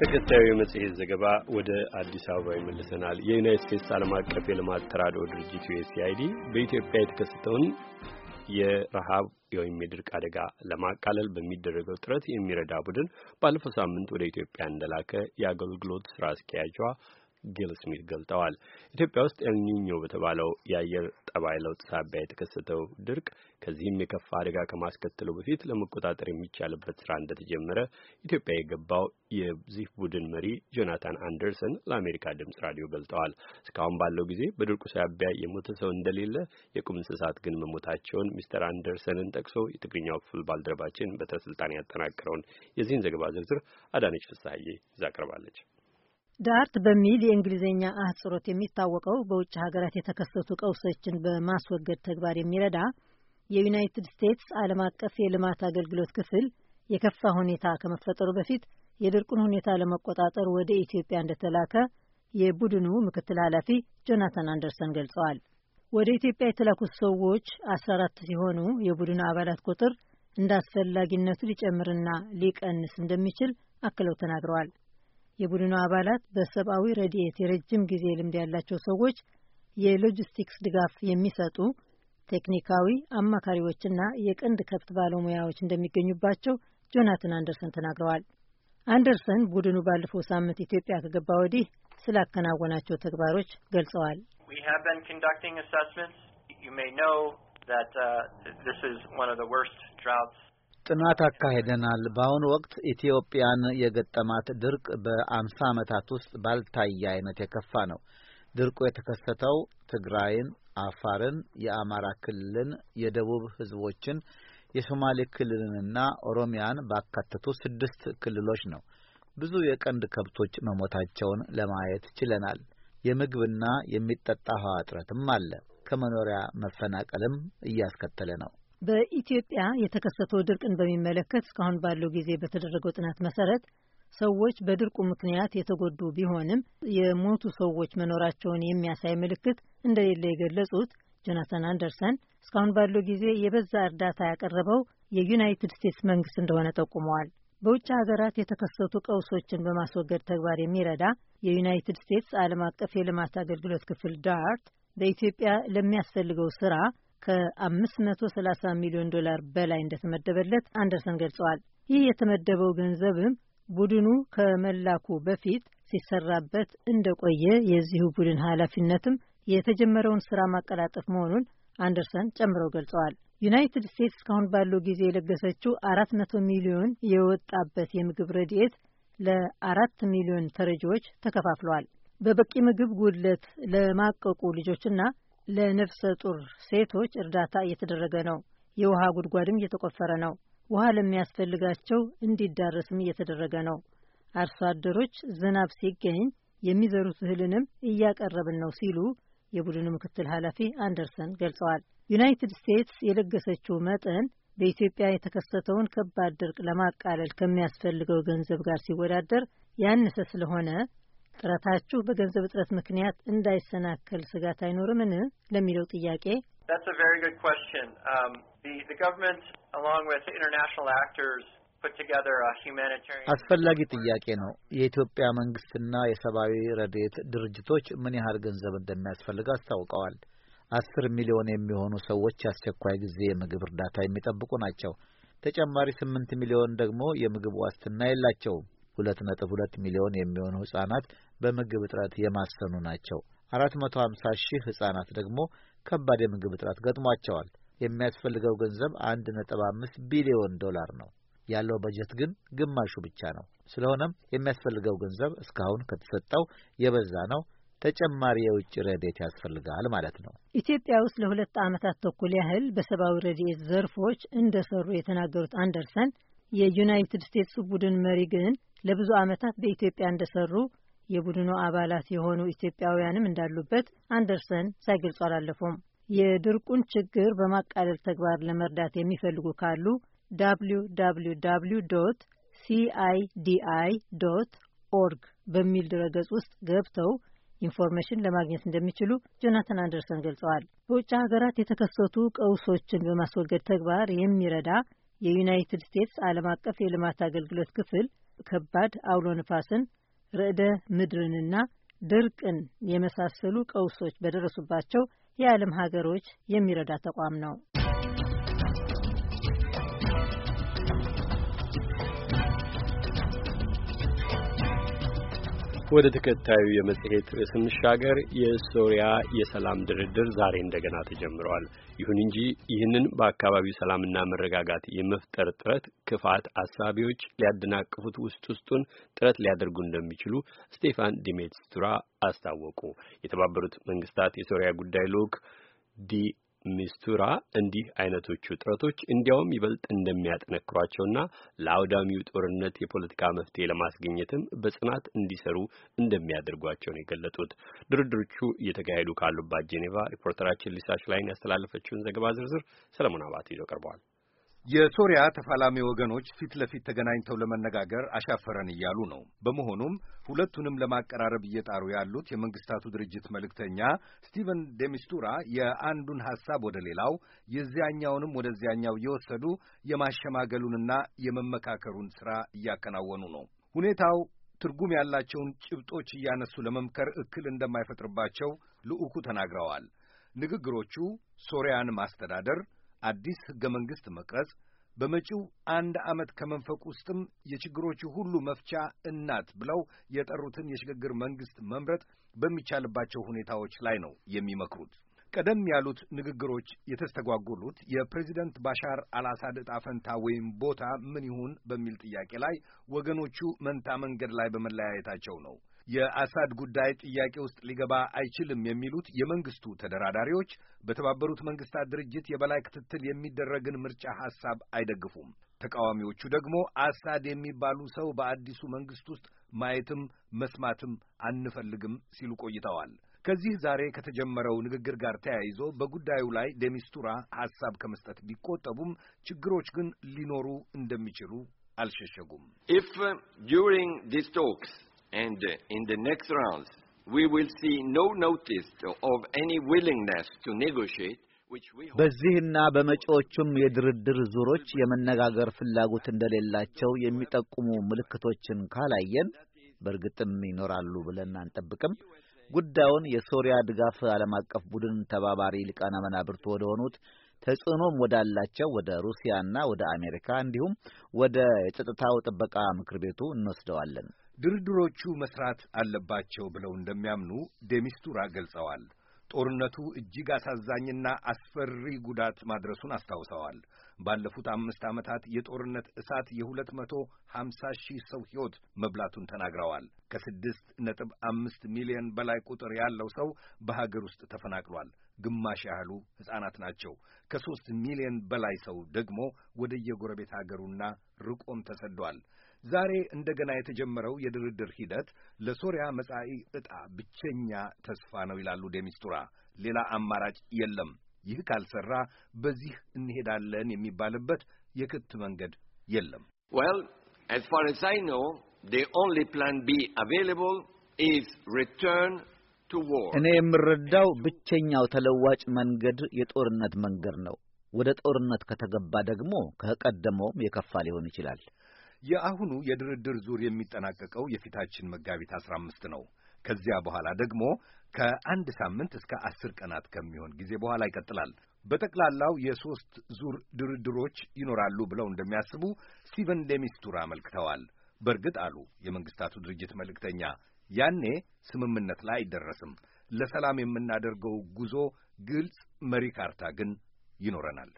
ተከታዩ የመጽሔት ዘገባ ወደ አዲስ አበባ ይመልሰናል። የዩናይት ስቴትስ ዓለም አቀፍ የልማት ተራድኦ ድርጅት ዩኤስአይዲ በኢትዮጵያ የተከሰተውን የረሃብ ወይም የድርቅ አደጋ ለማቃለል በሚደረገው ጥረት የሚረዳ ቡድን ባለፈው ሳምንት ወደ ኢትዮጵያ እንደላከ የአገልግሎት ስራ አስኪያጇ ጊል ስሚት ገልጠዋል። ኢትዮጵያ ውስጥ ኤልኒኞ በተባለው የአየር ጠባይ ለውጥ ሳቢያ የተከሰተው ድርቅ ከዚህም የከፋ አደጋ ከማስከተሉ በፊት ለመቆጣጠር የሚቻልበት ስራ እንደተጀመረ ኢትዮጵያ የገባው የዚህ ቡድን መሪ ጆናታን አንደርሰን ለአሜሪካ ድምጽ ራዲዮ ገልጠዋል። እስካሁን ባለው ጊዜ በድርቁ ሳቢያ የሞተ ሰው እንደሌለ፣ የቁም እንስሳት ግን መሞታቸውን ሚስተር አንደርሰንን ጠቅሶ የትግርኛው ክፍል ባልደረባችን በትረ ያጠናቀረውን የዚህን ዘገባ ዝርዝር አዳነች ፍሳሐዬ ይዛ ቀርባለች። ዳርት በሚል የእንግሊዝኛ አህጽሮት የሚታወቀው በውጭ ሀገራት የተከሰቱ ቀውሶችን በማስወገድ ተግባር የሚረዳ የዩናይትድ ስቴትስ ዓለም አቀፍ የልማት አገልግሎት ክፍል የከፋ ሁኔታ ከመፈጠሩ በፊት የድርቁን ሁኔታ ለመቆጣጠር ወደ ኢትዮጵያ እንደተላከ የቡድኑ ምክትል ኃላፊ ጆናታን አንደርሰን ገልጸዋል። ወደ ኢትዮጵያ የተላኩት ሰዎች አስራ አራት ሲሆኑ የቡድኑ አባላት ቁጥር እንደ አስፈላጊነቱ ሊጨምርና ሊቀንስ እንደሚችል አክለው ተናግረዋል። የቡድኑ አባላት በሰብአዊ ረድኤት የረጅም ጊዜ ልምድ ያላቸው ሰዎች፣ የሎጂስቲክስ ድጋፍ የሚሰጡ ቴክኒካዊ አማካሪዎችና የቀንድ ከብት ባለሙያዎች እንደሚገኙባቸው ጆናታን አንደርሰን ተናግረዋል። አንደርሰን ቡድኑ ባለፈው ሳምንት ኢትዮጵያ ከገባ ወዲህ ስላከናወናቸው ተግባሮች ገልጸዋል። ጥናት አካሄደናል። በአሁኑ ወቅት ኢትዮጵያን የገጠማት ድርቅ በአምሳ ዓመታት ውስጥ ባልታየ አይነት የከፋ ነው። ድርቁ የተከሰተው ትግራይን፣ አፋርን፣ የአማራ ክልልን፣ የደቡብ ህዝቦችን፣ የሶማሌ ክልልንና ኦሮሚያን ባካተቱ ስድስት ክልሎች ነው። ብዙ የቀንድ ከብቶች መሞታቸውን ለማየት ችለናል። የምግብና የሚጠጣ ውሃ እጥረትም አለ። ከመኖሪያ መፈናቀልም እያስከተለ ነው። በኢትዮጵያ የተከሰተው ድርቅን በሚመለከት እስካሁን ባለው ጊዜ በተደረገው ጥናት መሰረት ሰዎች በድርቁ ምክንያት የተጎዱ ቢሆንም የሞቱ ሰዎች መኖራቸውን የሚያሳይ ምልክት እንደሌለ የገለጹት ጆናታን አንደርሰን እስካሁን ባለው ጊዜ የበዛ እርዳታ ያቀረበው የዩናይትድ ስቴትስ መንግስት እንደሆነ ጠቁመዋል። በውጭ ሀገራት የተከሰቱ ቀውሶችን በማስወገድ ተግባር የሚረዳ የዩናይትድ ስቴትስ ዓለም አቀፍ የልማት አገልግሎት ክፍል ዳርት በኢትዮጵያ ለሚያስፈልገው ስራ ከ530 ሚሊዮን ዶላር በላይ እንደተመደበለት አንደርሰን ገልጸዋል። ይህ የተመደበው ገንዘብም ቡድኑ ከመላኩ በፊት ሲሰራበት እንደቆየ የዚሁ ቡድን ኃላፊነትም የተጀመረውን ስራ ማቀላጠፍ መሆኑን አንደርሰን ጨምረው ገልጸዋል። ዩናይትድ ስቴትስ እስካሁን ባለው ጊዜ የለገሰችው አራት መቶ ሚሊዮን የወጣበት የምግብ ረድኤት ለአራት ሚሊዮን ተረጂዎች ተከፋፍሏል። በበቂ ምግብ ጉድለት ለማቀቁ ልጆችና ለነፍሰ ጡር ሴቶች እርዳታ እየተደረገ ነው። የውሃ ጉድጓድም እየተቆፈረ ነው። ውሃ ለሚያስፈልጋቸው እንዲዳረስም እየተደረገ ነው። አርሶ አደሮች ዝናብ ሲገኝ የሚዘሩት እህልንም እያቀረብን ነው ሲሉ የቡድኑ ምክትል ኃላፊ አንደርሰን ገልጸዋል። ዩናይትድ ስቴትስ የለገሰችው መጠን በኢትዮጵያ የተከሰተውን ከባድ ድርቅ ለማቃለል ከሚያስፈልገው ገንዘብ ጋር ሲወዳደር ያነሰ ስለሆነ ጥረታችሁ በገንዘብ እጥረት ምክንያት እንዳይሰናከል ስጋት አይኖርምን? ለሚለው ጥያቄ አስፈላጊ ጥያቄ ነው። የኢትዮጵያ መንግስትና የሰብአዊ ረድኤት ድርጅቶች ምን ያህል ገንዘብ እንደሚያስፈልግ አስታውቀዋል። አስር ሚሊዮን የሚሆኑ ሰዎች አስቸኳይ ጊዜ የምግብ እርዳታ የሚጠብቁ ናቸው። ተጨማሪ ስምንት ሚሊዮን ደግሞ የምግብ ዋስትና የላቸውም። ሁለት ነጥብ ሁለት ሚሊዮን የሚሆኑ ህጻናት በምግብ እጥረት የማሰኑ ናቸው። 450 ሺህ ሕፃናት ደግሞ ከባድ የምግብ እጥረት ገጥሟቸዋል። የሚያስፈልገው ገንዘብ 1.5 ቢሊዮን ዶላር ነው። ያለው በጀት ግን ግማሹ ብቻ ነው። ስለሆነም የሚያስፈልገው ገንዘብ እስካሁን ከተሰጠው የበዛ ነው። ተጨማሪ የውጭ ረድኤት ያስፈልጋል ማለት ነው። ኢትዮጵያ ውስጥ ለሁለት ዓመታት ተኩል ያህል በሰብአዊ ረድኤት ዘርፎች እንደሰሩ የተናገሩት አንደርሰን የዩናይትድ ስቴትስ ቡድን መሪ ግን ለብዙ ዓመታት በኢትዮጵያ እንደሰሩ የቡድኑ አባላት የሆኑ ኢትዮጵያውያንም እንዳሉበት አንደርሰን ሳይገልጹ አላለፉም። የድርቁን ችግር በማቃለል ተግባር ለመርዳት የሚፈልጉ ካሉ ዳብሊው ዳብሊው ሲአይዲአይ ዶት ኦርግ በሚል ድረገጽ ውስጥ ገብተው ኢንፎርሜሽን ለማግኘት እንደሚችሉ ጆናታን አንደርሰን ገልጸዋል። በውጭ ሀገራት የተከሰቱ ቀውሶችን በማስወገድ ተግባር የሚረዳ የዩናይትድ ስቴትስ ዓለም አቀፍ የልማት አገልግሎት ክፍል ከባድ አውሎ ንፋስን ርዕደ ምድርንና ድርቅን የመሳሰሉ ቀውሶች በደረሱባቸው የዓለም ሀገሮች የሚረዳ ተቋም ነው። ወደ ተከታዩ የመጽሔት ርዕስ እንሻገር። የሶሪያ የሰላም ድርድር ዛሬ እንደገና ተጀምረዋል። ይሁን እንጂ ይህንን በአካባቢው ሰላምና መረጋጋት የመፍጠር ጥረት ክፋት አሳቢዎች ሊያደናቅፉት ውስጥ ውስጡን ጥረት ሊያደርጉ እንደሚችሉ ስቴፋን ዲሜትስቱራ አስታወቁ። የተባበሩት መንግስታት የሶሪያ ጉዳይ ልዑክ ዲ ሚስቱራ እንዲህ አይነቶቹ ጥረቶች እንዲያውም ይበልጥ እንደሚያጠነክሯቸውና ለአውዳሚው ጦርነት የፖለቲካ መፍትሄ ለማስገኘትም በጽናት እንዲሰሩ እንደሚያደርጓቸው ነው የገለጡት። ድርድሮቹ እየተካሄዱ ካሉባት ጄኔቫ ሪፖርተራችን ሊሳሽ ላይን ያስተላለፈችውን ዘገባ ዝርዝር ሰለሞን አባት ይዞ ቀርበዋል። የሶሪያ ተፋላሚ ወገኖች ፊት ለፊት ተገናኝተው ለመነጋገር አሻፈረን እያሉ ነው። በመሆኑም ሁለቱንም ለማቀራረብ እየጣሩ ያሉት የመንግስታቱ ድርጅት መልእክተኛ ስቲቨን ደሚስቱራ የአንዱን ሐሳብ ወደ ሌላው የዚያኛውንም ወደዚያኛው እየወሰዱ የማሸማገሉንና የመመካከሩን ሥራ እያከናወኑ ነው። ሁኔታው ትርጉም ያላቸውን ጭብጦች እያነሱ ለመምከር እክል እንደማይፈጥርባቸው ልዑኩ ተናግረዋል። ንግግሮቹ ሶሪያን ማስተዳደር አዲስ ሕገ መንግሥት መቅረጽ በመጪው አንድ ዓመት ከመንፈቅ ውስጥም የችግሮቹ ሁሉ መፍቻ እናት ብለው የጠሩትን የሽግግር መንግሥት መምረጥ በሚቻልባቸው ሁኔታዎች ላይ ነው የሚመክሩት። ቀደም ያሉት ንግግሮች የተስተጓጎሉት የፕሬዚደንት ባሻር አልአሳድ ዕጣ ፈንታ ወይም ቦታ ምን ይሁን በሚል ጥያቄ ላይ ወገኖቹ መንታ መንገድ ላይ በመለያየታቸው ነው። የአሳድ ጉዳይ ጥያቄ ውስጥ ሊገባ አይችልም የሚሉት የመንግስቱ ተደራዳሪዎች በተባበሩት መንግስታት ድርጅት የበላይ ክትትል የሚደረግን ምርጫ ሐሳብ አይደግፉም። ተቃዋሚዎቹ ደግሞ አሳድ የሚባሉ ሰው በአዲሱ መንግስት ውስጥ ማየትም መስማትም አንፈልግም ሲሉ ቆይተዋል። ከዚህ ዛሬ ከተጀመረው ንግግር ጋር ተያይዞ በጉዳዩ ላይ ደሚስቱራ ሐሳብ ከመስጠት ቢቆጠቡም ችግሮች ግን ሊኖሩ እንደሚችሉ አልሸሸጉም። ኢፍ ዱሪንግ ዲስ ቶክስ And uh, in the next rounds, we will see no notice of any willingness to negotiate. በዚህና በመጪዎቹም የድርድር ዙሮች የመነጋገር ፍላጎት እንደሌላቸው የሚጠቁሙ ምልክቶችን ካላየን በእርግጥም ይኖራሉ ብለን አንጠብቅም። ጉዳዩን የሶሪያ ድጋፍ ዓለም አቀፍ ቡድን ተባባሪ ሊቃነ መናብርት ወደ ሆኑት ተጽዕኖም ወዳላቸው ወደ ሩሲያና ወደ አሜሪካ እንዲሁም ወደ የጸጥታው ጥበቃ ምክር ቤቱ እንወስደዋለን። ድርድሮቹ መስራት አለባቸው ብለው እንደሚያምኑ ዴሚስቱራ ገልጸዋል። ጦርነቱ እጅግ አሳዛኝና አስፈሪ ጉዳት ማድረሱን አስታውሰዋል። ባለፉት አምስት ዓመታት የጦርነት እሳት የሁለት መቶ ሀምሳ ሺህ ሰው ሕይወት መብላቱን ተናግረዋል። ከስድስት ነጥብ አምስት ሚሊዮን በላይ ቁጥር ያለው ሰው በሀገር ውስጥ ተፈናቅሏል። ግማሽ ያህሉ ሕፃናት ናቸው። ከሦስት ሚሊዮን በላይ ሰው ደግሞ ወደ የጎረቤት አገሩና ርቆም ተሰዷል። ዛሬ እንደገና የተጀመረው የድርድር ሂደት ለሶሪያ መጻኢ ዕጣ ብቸኛ ተስፋ ነው ይላሉ ዴሚስቱራ። ሌላ አማራጭ የለም። ይህ ካልሰራ በዚህ እንሄዳለን የሚባልበት የክት መንገድ የለም። well as far as i know the only plan b available is return to war እኔ የምረዳው ብቸኛው ተለዋጭ መንገድ የጦርነት መንገድ ነው። ወደ ጦርነት ከተገባ ደግሞ ከቀደመውም የከፋ ሊሆን ይችላል። የአሁኑ የድርድር ዙር የሚጠናቀቀው የፊታችን መጋቢት አስራ አምስት ነው። ከዚያ በኋላ ደግሞ ከአንድ ሳምንት እስከ አስር ቀናት ከሚሆን ጊዜ በኋላ ይቀጥላል። በጠቅላላው የሦስት ዙር ድርድሮች ይኖራሉ ብለው እንደሚያስቡ ስቲቨን ሌሚስቱራ አመልክተዋል። በእርግጥ አሉ የመንግስታቱ ድርጅት መልእክተኛ፣ ያኔ ስምምነት ላይ አይደረስም። ለሰላም የምናደርገው ጉዞ ግልጽ መሪ ካርታ ግን ይኖረናል።